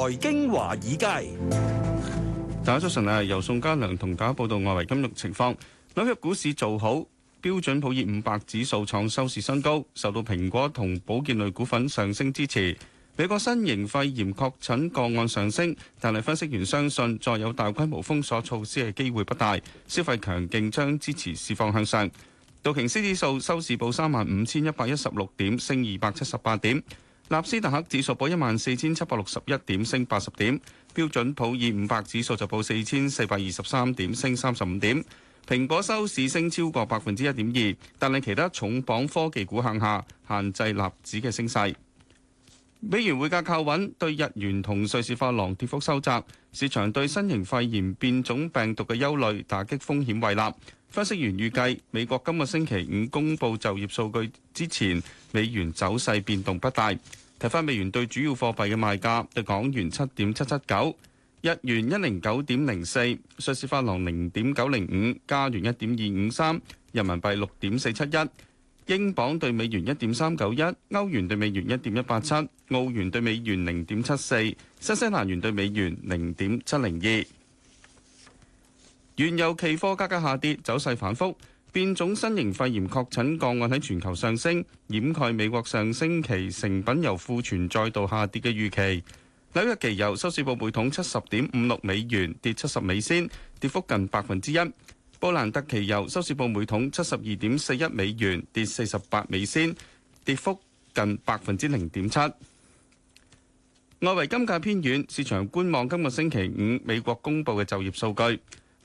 財經華爾街，大家早晨啊！由宋家良同大家報道外圍金融情況。紐約股市做好，標準普爾五百指數創收市新高，受到蘋果同保健類股份上升支持。美國新型肺炎確診個案上升，但係分析員相信再有大規模封鎖措施嘅機會不大，消費強勁將支持市況向上。道瓊斯指數收市報三萬五千一百一十六點，升二百七十八點。納斯達克指數報一萬四千七百六十一點，升八十點；標準普爾五百指數就報四千四百二十三點，升三十五點。蘋果收市升超過百分之一點二，但係其他重磅科技股向下，限制納指嘅升勢。美元匯價靠穩，對日元同瑞士法郎跌幅收窄。市場對新型肺炎變種病毒嘅憂慮，打擊風險胃納。分析員預計美國今個星期五公布就業數據之前，美元走勢變動不大。睇翻美元對主要貨幣嘅賣價：對港元七點七七九，日元一零九點零四，瑞士法郎零點九零五，加元一點二五三，人民幣六點四七一。英鎊兌美元一點三九一，歐元兌美元一點一八七，澳元兌美元零點七四，新西蘭元兌美元零點七零二。原油期貨價格下跌，走勢反覆。變種新型肺炎確診個案喺全球上升，掩蓋美國上星期成品油庫存再度下跌嘅預期。紐約期油收市報每桶七十點五六美元，跌七十美仙，跌幅近百分之一。布蘭特期油收市報每桶七十二點四一美元，跌四十八美仙，跌幅近百分之零點七。外圍金價偏軟，市場觀望今個星期五美國公布嘅就業數據。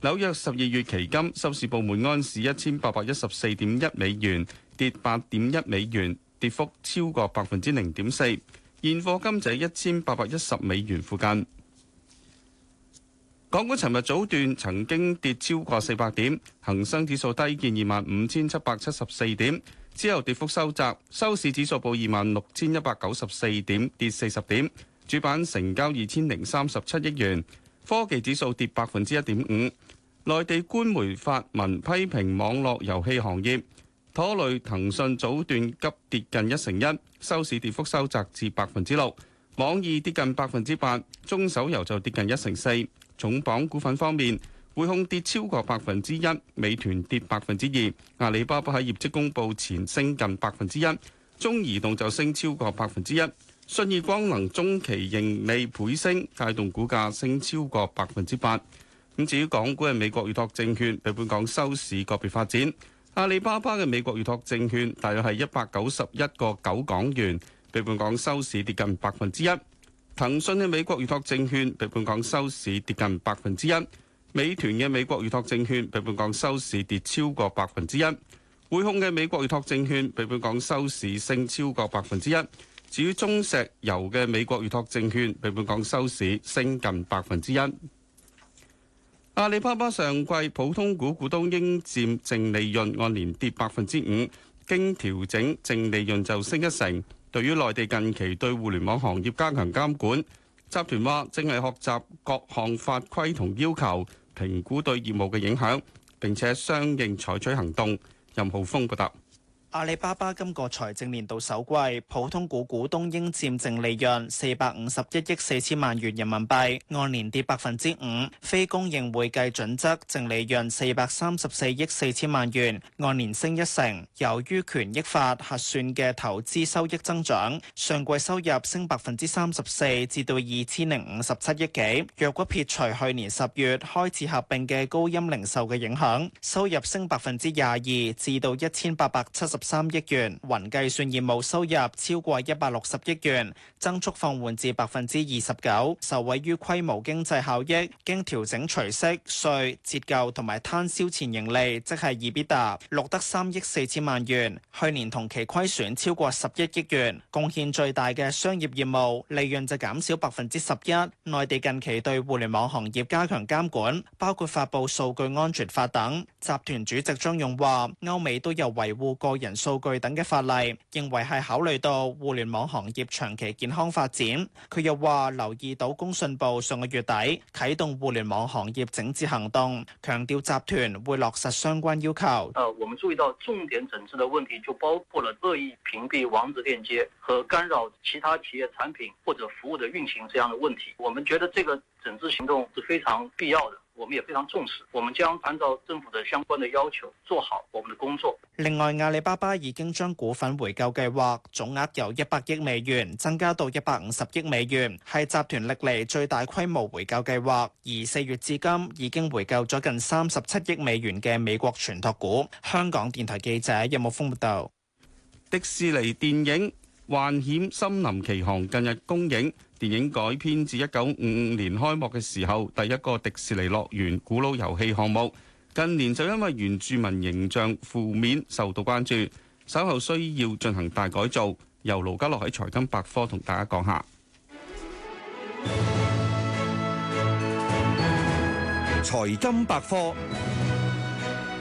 紐約十二月期金收市報每安士一千八百一十四點一美元，跌八點一美元，跌幅超過百分之零點四。現貨金就喺一千八百一十美元附近。港股尋日早段曾經跌超過四百點，恒生指數低見二萬五千七百七十四點，之後跌幅收窄，收市指數報二萬六千一百九十四點，跌四十點。主板成交二千零三十七億元，科技指數跌百分之一點五。內地官媒發文批評網絡遊戲行業，拖累騰訊早段急跌近一成一，收市跌幅收窄至百分之六。網易跌近百分之八，中手遊就跌近一成四。重磅股份方面，匯控跌超過百分之一，美團跌百分之二，阿里巴巴喺業績公布前升近百分之一，中移動就升超過百分之一，信義光能中期盈利倍升，帶動股價升超過百分之八。咁至於港股嘅美國預託證券，比本港收市個別發展。阿里巴巴嘅美國預託證券大約係一百九十一個九港元，比本港收市跌近百分之一。騰訊嘅美國預託證券比本港收市跌近百分之一，美團嘅美國預託證券比本港收市跌超過百分之一，匯控嘅美國預託證券比本港收市升超過百分之一，至於中石油嘅美國預託證券比本港收市升近百分之一。阿里巴巴上季普通股股東應占淨利潤按年跌百分之五，經調整淨利潤就升一成。對於內地近期對互聯網行業加強監管，集團話正係學習各項法規同要求，評估對業務嘅影響，並且相應採取行動。任浩峰報道。阿里巴巴今個財政年度首季普通股股東應佔淨利潤四百五十一億四千萬元人民幣，按年跌百分之五；非公認會計準則淨利潤四百三十四億四千萬元，按年升一成。由於權益法核算嘅投資收益增長，上季收入升百分之三十四至到二千零五十七億幾，若果撇除去年十月開始合併嘅高鑫零售嘅影響，收入升百分之廿二至到一千八百七十。三億元，雲計算業務收入超過一百六十億元，增速放緩至百分之二十九，受惠於規模經濟效益。經調整除息、稅折舊同埋攤銷前盈利，即係 EBITDA，錄得三億四千萬元。去年同期虧損超過十一億元。貢獻最大嘅商業業務利潤就減少百分之十一。內地近期對互聯網行業加強監管，包括發布數據安全法等。集團主席張勇話：歐美都有維護個人。數據等嘅法例，認為係考慮到互聯網行業長期健康發展。佢又話留意到工信部上個月底啟動互聯網行業整治行動，強調集團會落實相關要求。誒，我們注意到重點整治的問題就包括了惡意屏蔽網址鏈接和干擾其他企業產品或者服務的運行這樣的問題。我們覺得這個整治行動是非常必要的。我們也非常重視，我們將按照政府的相關的要求做好我們的工作。另外，阿里巴巴已經將股份回購計劃總額由一百億美元增加到一百五十億美元，係集團歷嚟最大規模回購計劃。而四月至今已經回購咗近三十七億美元嘅美國存託股。香港電台記者任木峰報道。迪士尼電影《幻險森林奇航》近日公映。電影改編自一九五五年開幕嘅時候，第一個迪士尼樂園古老遊戲項目，近年就因為原住民形象負面受到關注，稍後需要進行大改造。由盧家樂喺財金百科同大家講下。財金百科。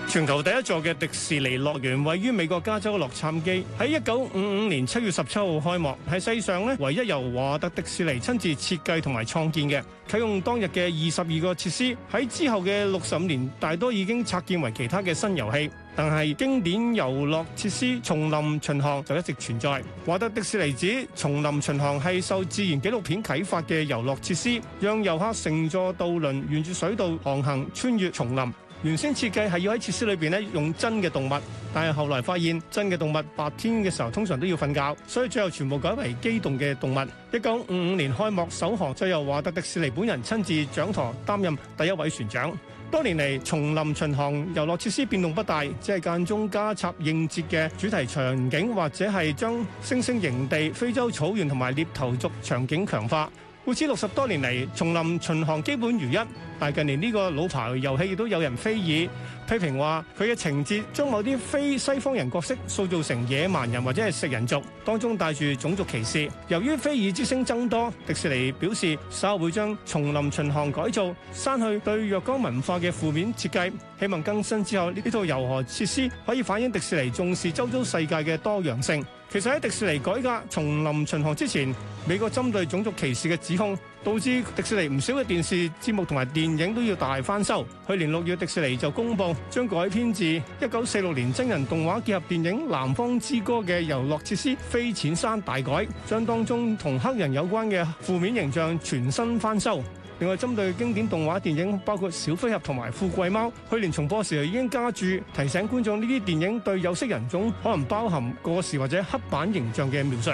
全球第一座嘅迪士尼樂園位於美國加州洛杉磯，喺一九五五年七月十七號開幕，係世上呢，唯一由華特迪士尼親自設計同埋創建嘅。啟用當日嘅二十二個設施，喺之後嘅六十五年大多已經拆建為其他嘅新遊戲。但係經典遊樂設施叢林巡航就一直存在。華特迪士尼指叢林巡航係受自然紀錄片啟發嘅遊樂設施，讓遊客乘坐渡輪沿住水道航行，穿越叢林。原先設計係要喺設施裏邊咧用真嘅動物，但係後來發現真嘅動物白天嘅時候通常都要瞓覺，所以最後全部改為機動嘅動物。一九五五年開幕首航，就由華特迪士尼本人親自掌舵擔任第一位船長。多年嚟，叢林巡航遊樂設施變動不大，只係間中加插應節嘅主題場景，或者係將猩猩營地、非洲草原同埋獵頭族場景強化。故此六十多年嚟，叢林巡航基本如一。但近年呢個老牌遊戲亦都有人非議，批評話佢嘅情節將某啲非西方人角色塑造成野蠻人或者係食人族，當中帶住種族歧視。由於非議之聲增多，迪士尼表示稍後會將《叢林巡航》改造，刪去對若干文化嘅負面設計。希望更新之後，呢套遊河設施可以反映迪士尼重視周遭世界嘅多樣性。其實喺迪士尼改革《叢林巡航》之前，美國針對種族歧視嘅指控，導致迪士尼唔少嘅電視節目同埋電影都要大翻修。去年六月，迪士尼就公布將改編自一九四六年真人動畫結合電影《南方之歌》嘅遊樂設施飛濺山大改，將當中同黑人有關嘅負面形象全新翻修。另外，針對經典動畫電影包括《小飛俠》同埋《富貴貓》，去年重播時已經加注提醒觀眾呢啲電影對有色人種可能包含過時或者刻板形象嘅描述。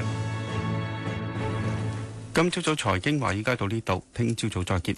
今朝早財經華爾街到呢度，聽朝早再見。